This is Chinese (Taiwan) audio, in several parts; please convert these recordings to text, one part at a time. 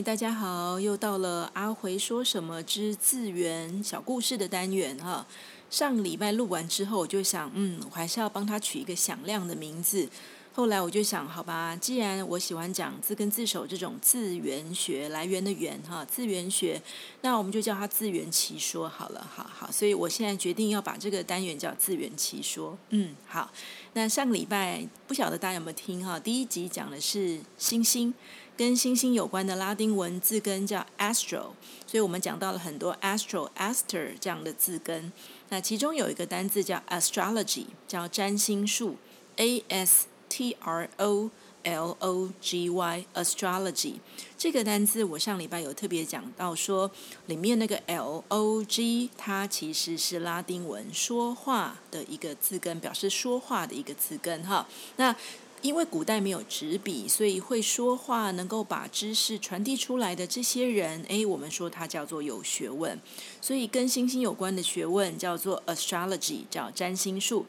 誒，大家好，又到了阿回說什麼之字源小故事的單元哈。上個禮拜錄完之後，我就想，嗯，我還是要幫他取一個響亮的名字。後來我就想，好吧，既然我喜歡講字根字首這種字源學來源的源哈，字源學，那我們就叫他字源奇說好了。好好，所以我現在決定要把這個單元叫字源奇說。嗯，好。那上個禮拜不曉得大家有沒有聽哈？第一集講的是星星。跟星星有關的拉丁文字根叫 astro，所以我們講到了很多 astro、aster 這樣的字根。那其中有一個單字叫 astrology，叫占星術。Astrology，a s t r o -L o l g y 這個單字我上禮拜有特別講到說，說裡面那個 log 它其實是拉丁文說話的一個字根，表示說話的一個字根哈。那因為古代沒有紙筆，所以會說話、能夠把知識傳遞出來的這些人，誒，我們說它叫做有學問。所以跟星星有關的學問叫做 astrology，叫占星術。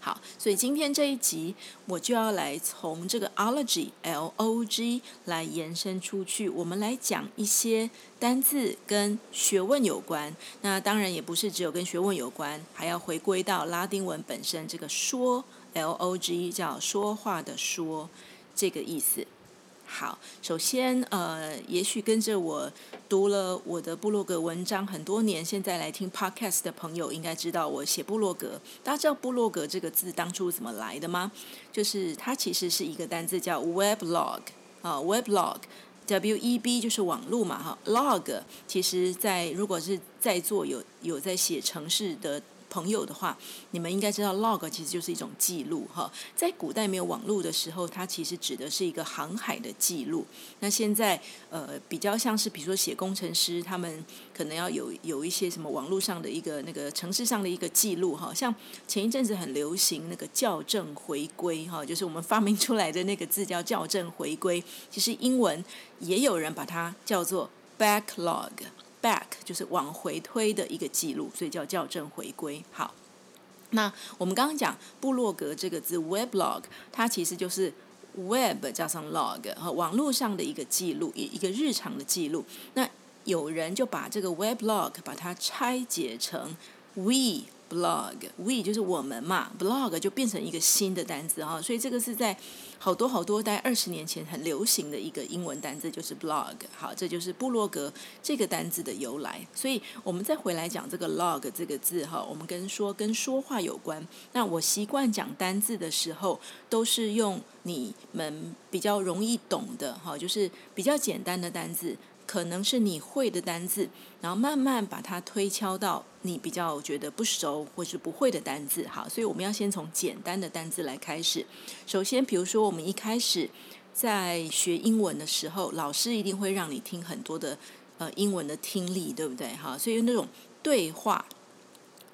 好，所以今天這一集我就要來從這個 ology, L-O-G，來延伸出去，我們來講一些單字跟學問有關。那當然也不是只有跟學問有關，還要回歸到拉丁文本身這個說。log 叫說話的說，這個意思。好，首先呃，也許跟着我讀了我的部落格文章很多年，現在來聽 podcast 的朋友應該知道我寫部落格。大家知道部落格這個字當初怎麼來的嗎？就是它其實是一個單字叫 weblog 啊、哦，weblog，w e b 就是網絡嘛，哈、哦，log 其實在，在如果是在座有有在寫程式的。朋友的話，你們應該知道，log 其實就是一種記錄哈。在古代沒有網絡的時候，它其實指的是一個航海的記錄。那現在，呃，比較像是比如說寫工程師，他們可能要有有一些什麼網絡上的一個那個城市上的一個記錄哈。像前一陣子很流行那個校正回歸哈，就是我們發明出來的那個字叫校正回歸，其實英文也有人把它叫做 backlog。Back 就是往回推的一個記錄，所以叫校正回歸。好，那我們剛剛講部落格這個字，Weblog，它其實就是 Web 加上 log，和網絡上的一個記錄，一一個日常的記錄。那有人就把這個 Weblog 把它拆解成。We blog，we 就是我們嘛，blog 就變成一個新的單詞哈，所以這個是在好多好多在二十年前很流行的一個英文單字，就是 blog。好，這就是部落格這個單字的由來。所以，我們再回來講這個 log 這個字哈，我們跟說跟說話有關。那我習慣講單字的時候，都是用你們比較容易懂的哈，就是比較簡單的單字。可能是你會的單字，然後慢慢把它推敲到你比較覺得不熟或是不會的單字。哈，所以我們要先從簡單的單字來開始。首先，比如說我們一開始在學英文的時候，老師一定會讓你聽很多的呃英文的聽力，對不對？哈，所以用那種對話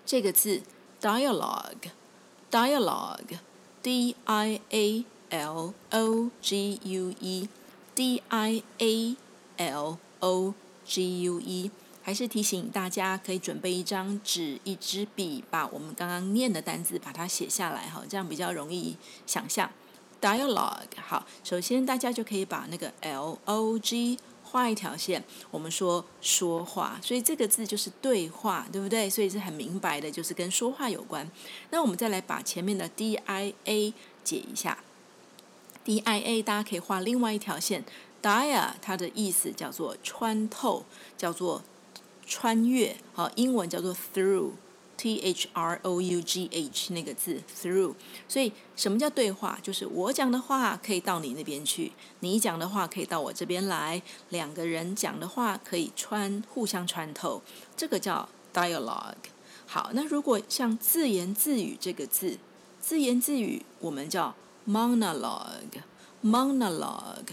這個字 dialogue，dialogue，D I A L O G U E，D I A L。o g u e，還是提醒大家可以準備一張紙、一支筆，把我們剛剛念的單字把它寫下來哈，這樣比較容易想象。dialogue，好，首先大家就可以把那個 l o g 畫一條線，我們說說話，所以這個字就是對話，對不對？所以是很明白的，就是跟說話有關。那我們再來把前面的 d i a 解一下，d i a 大家可以畫另外一條線。dia 它的意思叫做穿透，叫做穿越，好，英文叫做 through，t h r o u g h 那個字 through。所以什麼叫對話？就是我講的話可以到你那邊去，你講的話可以到我這邊來，兩個人講的話可以穿，互相穿透，這個叫 dialogue。好，那如果像自言自語這個字，自言自語我們叫 monologue，monologue monologue。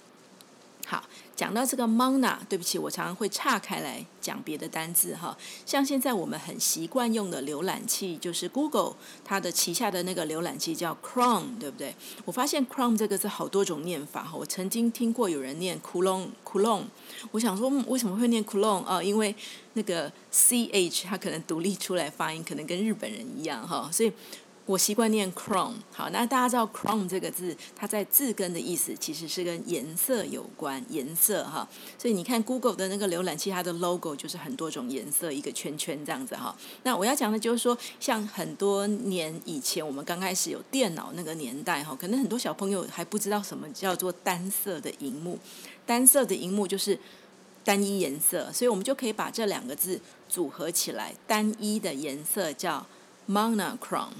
好，講到這個 mono，對不起，我常常會岔開來講別的單字哈。像現在我們很習慣用的瀏覽器，就是 Google 它的旗下的那個瀏覽器叫 Chrome，對不對？我發現 Chrome 這個字好多種唸法哈。我曾經聽過有人唸 kloon kloon，我想說，為什麼會唸 kloon 啊？因為那個 c h 它可能獨立出來發音，可能跟日本人一樣哈，所以。我習慣念 “chrome”。好，那大家知道 “chrome” 這個字，它在字根的意思其實是跟顏色有關，顏色哈。所以你看 Google 的那個瀏覽器，它的 logo 就是很多種顏色一個圈圈這樣子哈。那我要講的就是說，像很多年以前，我們剛開始有電腦那個年代哈，可能很多小朋友還不知道什麼叫做單色的熒幕。單色的熒幕就是單一顏色，所以我們就可以把這兩個字組合起來，單一的顏色叫 monochrome。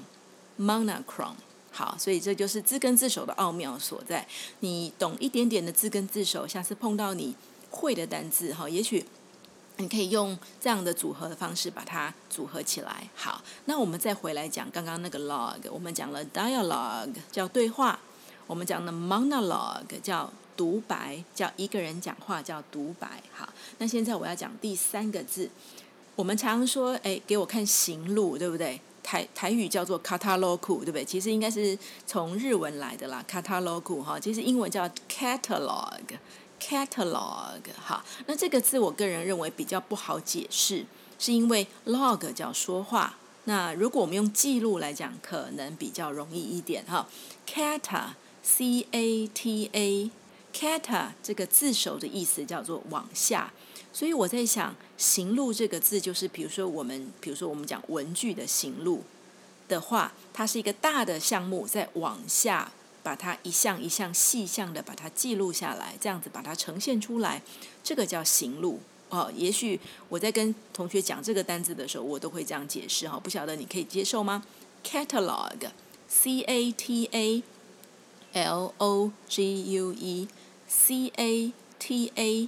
Monochrome，好，所以這就是字根字首的奧妙所在。你懂一點點的字根字首，下次碰到你會的單字，哈，也許你可以用這樣的組合的方式把它組合起來。好，那我們再回來講剛剛那個 log，我們講了 dialogue 叫對話，我們講了 monologue 叫獨白，叫一個人講話叫獨白。好，那現在我要講第三個字，我們常說，誒，給我看型錄，對不對？台台語叫做 “catalogue”，對不對？其實應該是從日文來的啦，“catalogue” 哈，catalog，其實英文叫 “catalog”，“catalog” 哈 catalog。那這個字我個人認為比較不好解釋，是因為 “log” 叫說話。那如果我們用記錄來講，可能比較容易一點哈。“cata”，c-a-t-a，“cata” Cata, 這個字首的意思叫做往下。所以我在想，“型錄這個字，就是比如說我們，比如說我們講文具的“型錄的話，它是一個大的項目，再往下把它一項一項細項的把它記錄下來，這樣子把它呈現出來，這個叫“型錄哦，也許我在跟同學講這個單字的時候，我都會這樣解釋哈。不曉得你可以接受嗎？Catalog，C A T A L O G U E，C A T A。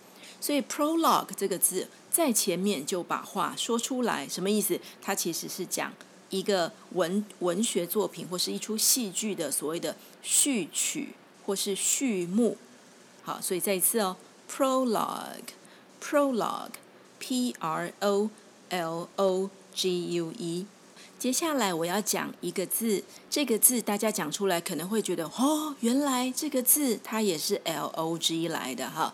所以 prologue 這個字在前面就把話說出來，什麼意思？它其實是講一個文文學作品或是一出戲劇的所謂的序曲或是序幕。好，所以再一次哦，prologue，prologue，p r o l o g u e。接下來我要講一個字，這個字大家講出來可能會覺得哦，原來這個字它也是 l o g 來的哈。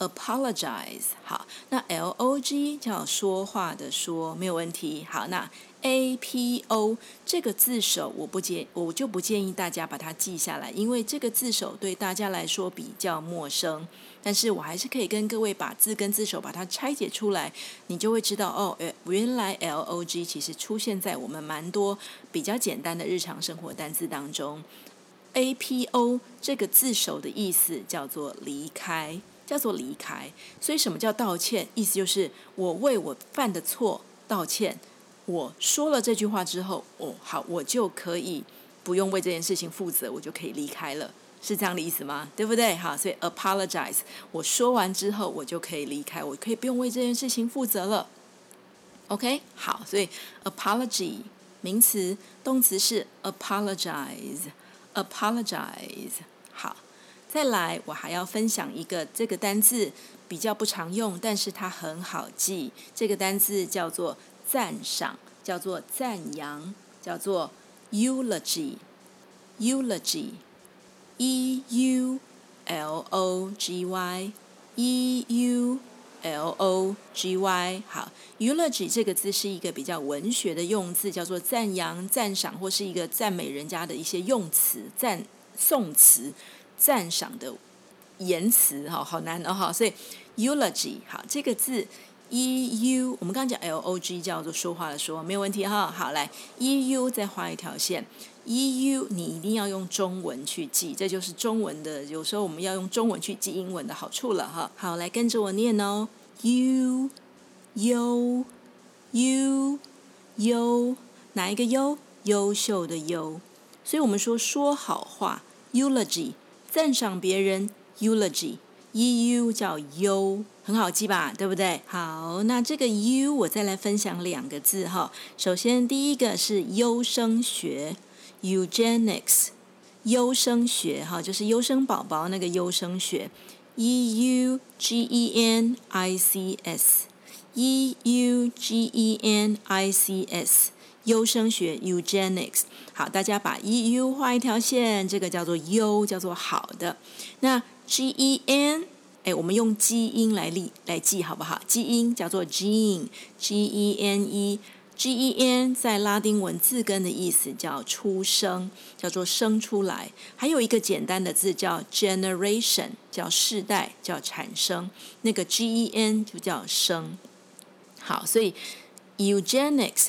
Apologize，好，那 L O G 叫說話的說，沒有問題。好，那 A P O 這個字首，我不建，我就不建議大家把它記下來，因為這個字首對大家來說比較陌生。但是我還是可以跟各位把字根字首把它拆解出來，你就會知道哦，原來 L O G 其實出現在我們蠻多比較簡單的日常生活單字當中。A P O 這個字首的意思叫做離開。叫做離開，所以什麼叫道歉？意思就是我為我犯的錯道歉。我說了這句話之後，哦，好，我就可以不用為這件事情負責，我就可以離開了，是這樣的意思嗎？對不對？好，所以 apologize，我說完之後，我就可以離開，我可以不用為這件事情負責了。OK，好，所以 apology，名詞，動詞是 apologize，apologize，apologize 好。再來，我還要分享一個這個單字比較不常用，但是它很好記。這個單字叫做贊賞，叫做贊揚，叫做 eulogy，eulogy，e u l o g y，e u l o g y，e u l o g y。好，eulogy 這個字是一個比較文學的用字，叫做贊揚、贊賞或是一個讚美人家的一些用詞、贊頌詞。讚賞的言辭哈，好難哦，好，所以 eulogy 好，這個字 e u 我們剛剛講 l o g 叫做說話的說，沒有問題哈。好來 e u 再畫一條線 e u，你一定要用中文去記，這就是中文的。有時候我們要用中文去記英文的好處了哈。好，來跟着我念哦，E U，E U，E U，E U，哪一個優？優秀的優，所以我們說說好話 eulogy。讚賞別人，eulogy，e u 叫 U，很好記吧，對不對？好，那這個 u 我再來分享兩個字哈。首先第一個是優生學，eugenics，優生學哈，就是優生寶寶那個優生學，e u g e n i c s，e u g e n i c s。Eugenics, 優生學 （eugenics） 好，大家把 e u 畫一條線，這個叫做優，叫做好的。那 g e n，哎，我們用基因來立來記好不好？基因叫做 gene，g e n e，g e n 在拉丁文字根的意思叫出生，叫做生出來。還有一個簡單的字叫 generation，叫世代，叫產生。那個 g e n 就叫生。好，所以 eugenics。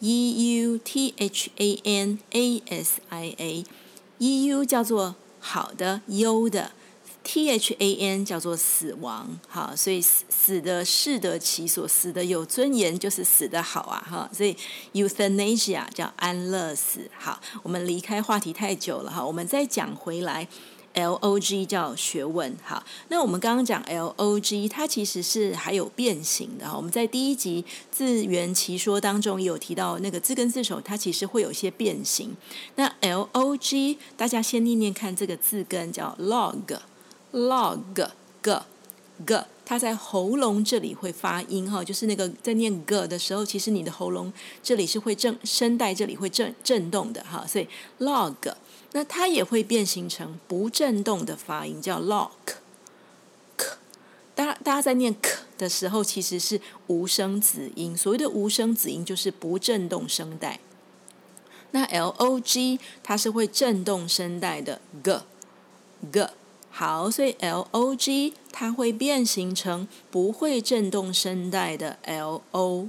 e u t h a n a s i a e u 叫做好的優的，t h a n 叫做死亡，哈，所以死死的適得其所，死的有尊嚴，就是死的好啊，哈，所以 euthanasia 叫安樂死，好，我們離開話題太久了哈，我們再講回來。log 叫學問哈，那我們剛剛講 log，它其實是還有變形的。好，我們在第一集字源奇說當中有提到那個字根字首，它其實會有些變形。那 log 大家先念念看這個字根叫 log，log gg 它在喉嚨這裡會發音哈，就是那個在念 g 的時候，其實你的喉嚨這裡是會震，聲帶這裡會震震動的哈，所以 log。那它也會變形成不震動的發音，叫 lock k，大家大家在念 k 的時候，其實是無聲子音。所謂的無聲子音，就是不震動聲帶。那 log 它是會震動聲帶的 g, g。g 好，所以 log 它會變形成不會震動聲帶的 loq。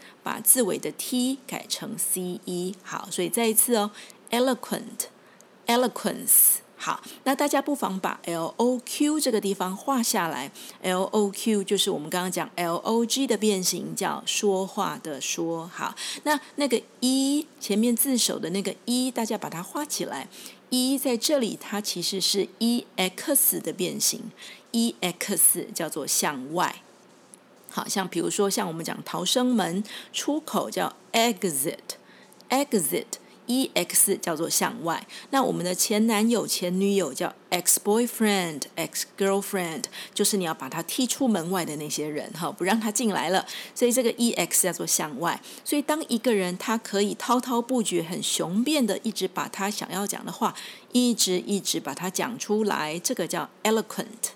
把字尾的 t 改成 c e，好，所以再一次哦，eloquent，eloquence，好，那大家不妨把 l o q 這個地方畫下來，l o q 就是我們剛剛講 l o g 的變形，叫說話的說，好，那那個 e 前面字首的那個 e，大家把它畫起來，e 在這裡它其實是 e x 的變形，e x 叫做向外。好，像比如說，像我們講逃生門出口叫 exit，exit，ex，叫做向外。那我們的前男友前女友叫 ex boyfriend ex girlfriend，就是你要把他踢出門外的那些人，哈，不讓他進來了。所以這個 ex 叫做向外。所以當一個人他可以滔滔不絕、很雄辯的，一直把他想要講的話，一直一直把它講出來，這個叫 eloquent，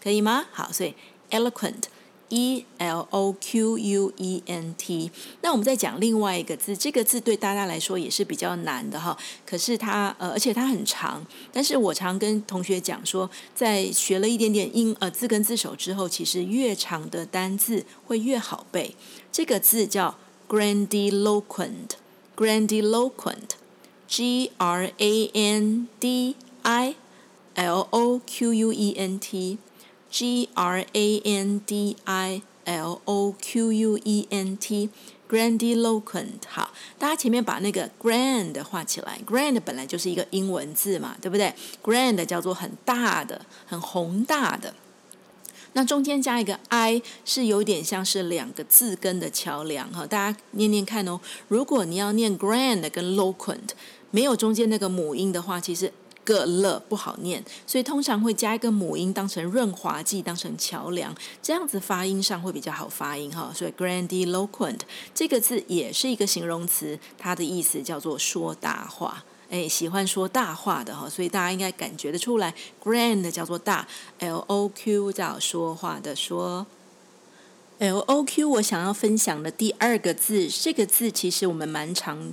可以嗎？好，所以 eloquent。E L O Q U E N T。那我們再講另外一個字，這個字對大家來說也是比較難的哈。可是它呃，而且它很長。但是我常跟同學講說，在學了一點點英呃字根字首之後，其實越長的單字會越好背。這個字叫 Grandiloquent。Grandiloquent。G R A N D I L O Q U E N T。G R A N D I L O Q U E N T, grandiloquent。好，大家前面把那個 grand 畫起來。grand 本來就是一個英文字嘛，對不對？grand 叫做很大的、很宏大的。那中間加一個 i，是有點像是兩個字根的橋樑。哈，大家念念看哦。如果你要念 grand 跟 loquent，沒有中間那個母音的話，其實個樂不好念，所以通常會加一個母音，當成潤滑劑，當成橋梁，這樣子發音上會比較好發音哈。所以 grandiloquent 這個字也是一個形容詞，它的意思叫做說大話，誒、哎，喜歡說大話的哈。所以大家應該感覺得出來，grand 叫做大，l o q 叫說話的說。l o q 我想要分享的第二個字，這個字其實我們蠻常。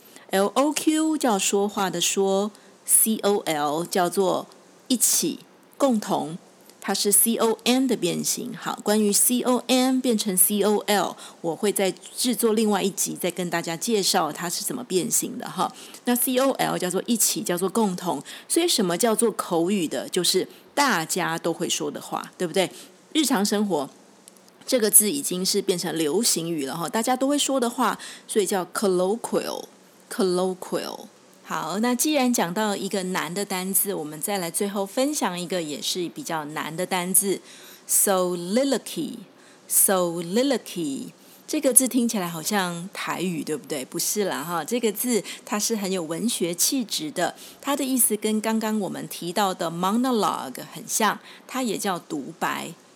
L O Q 叫說話的說，C O L 叫做一起共同，它是 C O N 的變形。好，關於 C O N 變成 C O L，我會再製作另外一集再跟大家介紹它是怎麼變形的哈。那 C O L 叫做一起，叫做共同，所以什麼叫做口語的，就是大家都會說的話，對不對？日常生活這個字已經是變成流行語了哈，大家都會說的話，所以叫 colloquial。Colloquial，好，那既然講到一個難的單字，我們再來最後分享一個也是比較難的單字，soliloquy。soliloquy 這個字聽起來好像台語，對不對？不是啦，哈，這個字它是很有文學氣質的，它的意思跟剛剛我們提到的 monologue 很像，它也叫獨白。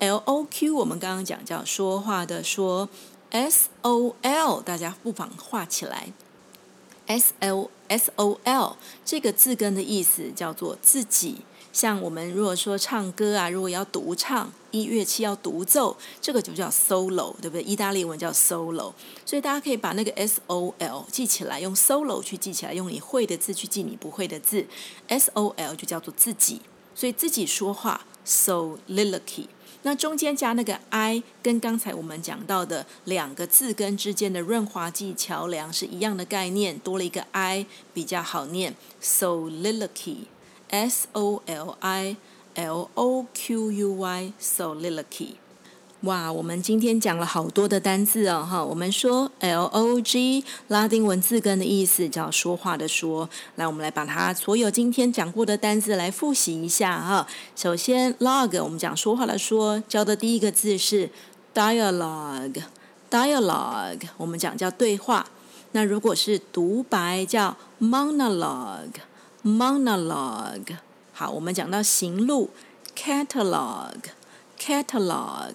l o q 我們剛剛講叫說話的說 s o l 大家不妨畫起來 s l s o l 這個字根的意思叫做自己。像我們如果說唱歌啊，如果要獨唱，音樂器要獨奏，這個就叫 solo，對不對？意大利文叫 solo，所以大家可以把那個 s o l 記起來，用 solo 去記起來，用你會的字去記你不會的字。s o l 就叫做自己，所以自己說話 soliloquy。那中間加那個 i，跟剛才我們講到的兩個字根之間的潤滑劑橋樑是一樣的概念，多了一個 i 比較好念，soliloquy，s-o-l-i-l-o-q-u-y，soliloquy。soliloquy。哇，我們今天講了好多的單字哦，哈！我們說 log 拉丁文字根的意思叫說話的說。來，我們來把它所有今天講過的單字來複習一下哈。首先，log 我們講說話的說教的第一個字是 dialogue，dialogue 我們講叫對話。那如果是獨白叫 monologue，monologue monologue。好，我們講到行路 catalogue，catalogue。Catalogue, catalogue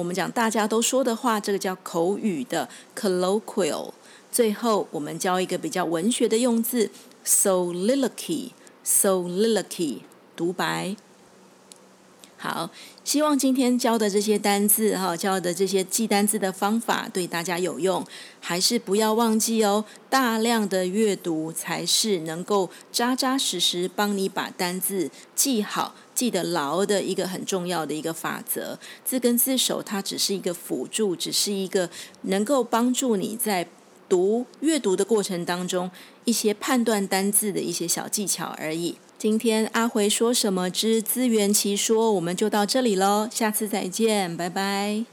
我們講大家都說的話，這個叫口語的 colloquial。最後，我們教一個比較文學的用字，soliloquy，soliloquy，獨白。好，希望今天教的這些單字哈，教的這些記單字的方法對大家有用，還是不要忘記哦。大量的閱讀才是能夠扎扎實實幫你把單字記好、記得牢的一個很重要的一個法則。字根字首它只是一個輔助，只是一個能夠幫助你在讀閱讀的過程當中一些判斷單字的一些小技巧而已。今天阿回說什麼之字源奇說，我們就到這裡嘍，下次再見，拜拜。